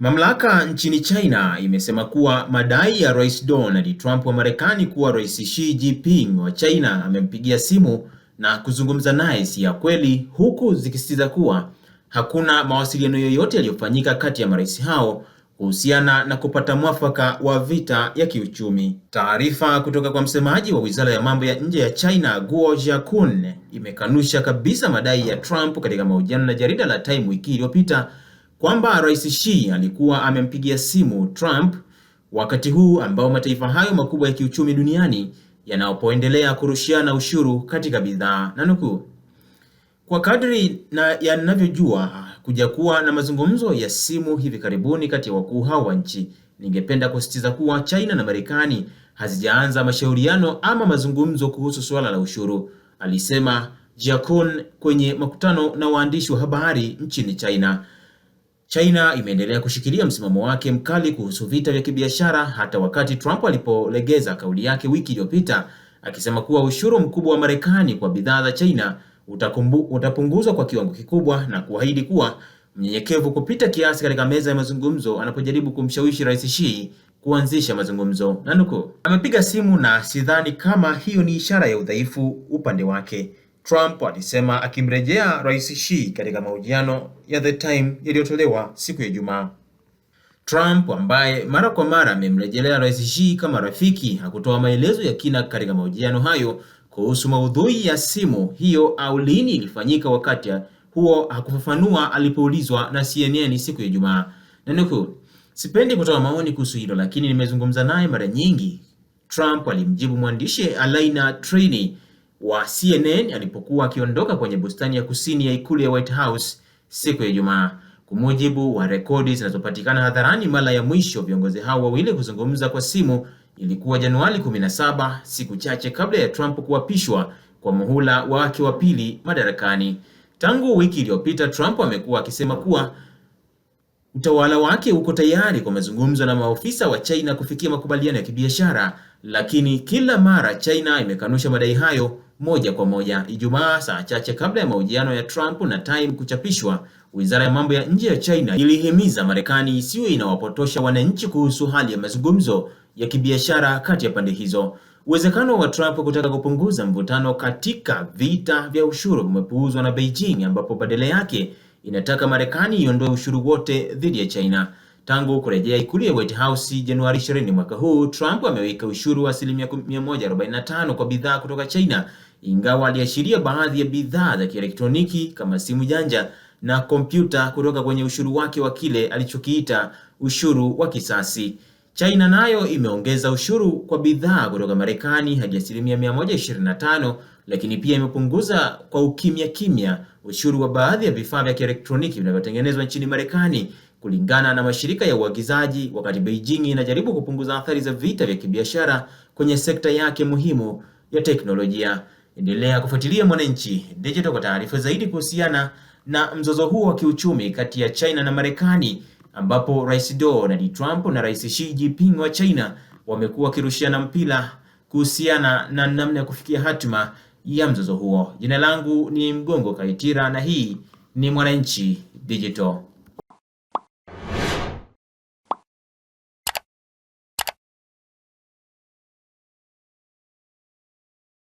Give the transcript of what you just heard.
Mamlaka nchini China imesema kuwa madai ya Rais Donald Trump wa Marekani kuwa Rais Xi Jinping wa China amempigia simu na kuzungumza naye si ya kweli, huku zikisisitiza kuwa hakuna mawasiliano yoyote yaliyofanyika kati ya marais hao kuhusiana na kupata mwafaka wa vita ya kiuchumi. Taarifa kutoka kwa msemaji wa Wizara ya Mambo ya Nje ya China, Guo Jiakun, imekanusha kabisa madai ya Trump katika mahojiano na jarida la Time wiki iliyopita kwamba Rais Xi alikuwa amempigia simu Trump wakati huu ambao mataifa hayo makubwa ya kiuchumi duniani yanapoendelea kurushiana ushuru katika bidhaa na nukuu, kwa kadri na yanavyojua kuja kuwa na mazungumzo ya simu hivi karibuni kati ya wakuu hao wa nchi, ningependa kusisitiza kuwa China na Marekani hazijaanza mashauriano ama mazungumzo kuhusu suala la ushuru, alisema Jia kwenye makutano na waandishi wa habari nchini China. China imeendelea kushikilia msimamo wake mkali kuhusu vita vya kibiashara hata wakati Trump alipolegeza kauli yake wiki iliyopita akisema kuwa ushuru mkubwa wa Marekani kwa bidhaa za China utapunguzwa kwa kiwango kikubwa na kuahidi kuwa mnyenyekevu kupita kiasi katika meza ya mazungumzo anapojaribu kumshawishi Rais Xi kuanzisha mazungumzo. Nanukuu, amepiga simu na sidhani kama hiyo ni ishara ya udhaifu upande wake. Trump alisema akimrejea Rais Xi katika mahojiano ya The Time yaliyotolewa siku ya Ijumaa. Trump ambaye mara kwa mara amemrejelea Rais Xi kama rafiki, hakutoa maelezo ya kina katika mahojiano hayo kuhusu maudhui ya simu hiyo au lini ilifanyika. Wakati huo hakufafanua alipoulizwa na CNN siku ya Ijumaa. Nanukuu, sipendi kutoa maoni kuhusu hilo, lakini nimezungumza naye mara nyingi, Trump alimjibu mwandishi Alaina Trini wa CNN alipokuwa akiondoka kwenye bustani ya kusini ya ikulu ya White House siku ya Ijumaa. Kwa mujibu wa rekodi zinazopatikana hadharani, mara ya mwisho viongozi hao wawili kuzungumza kwa simu ilikuwa Januari 17, siku chache kabla ya Trump kuapishwa kwa muhula wake wa pili madarakani. Tangu wiki iliyopita, Trump amekuwa akisema kuwa utawala wake uko tayari kwa mazungumzo na maofisa wa China kufikia makubaliano ya kibiashara, lakini kila mara China imekanusha madai hayo moja kwa moja Ijumaa, saa chache kabla ya mahojiano ya Trump na Time kuchapishwa. Wizara ya mambo ya nje ya China ilihimiza Marekani isiwe inawapotosha wananchi kuhusu hali ya mazungumzo ya kibiashara kati ya pande hizo. Uwezekano wa Trump kutaka kupunguza mvutano katika vita vya ushuru umepuuzwa na Beijing, ambapo badala yake inataka Marekani iondoe ushuru wote dhidi ya China. Tangu kurejea ikulu ya White House Januari 20 mwaka huu, Trump ameweka ushuru wa asilimia 145 kwa bidhaa kutoka China ingawa aliashiria baadhi ya bidhaa za kielektroniki kama simu janja na kompyuta kutoka kwenye ushuru wake wa kile alichokiita ushuru wa kisasi. China nayo imeongeza ushuru kwa bidhaa kutoka Marekani hadi asilimia 125, lakini pia imepunguza kwa ukimya kimya ushuru wa baadhi ya vifaa vya kielektroniki vinavyotengenezwa nchini Marekani kulingana na mashirika ya uagizaji, wakati Beijing inajaribu kupunguza athari za vita vya kibiashara kwenye sekta yake muhimu ya teknolojia. Endelea kufuatilia Mwananchi Digital kwa taarifa zaidi kuhusiana na mzozo huo wa kiuchumi kati ya China na Marekani ambapo Rais Donald Trump na Rais Xi Jinping wa China wamekuwa wakirushiana mpira kuhusiana na namna ya kufikia hatima ya mzozo huo. Jina langu ni Mgongo Kaitira na hii ni Mwananchi Digital.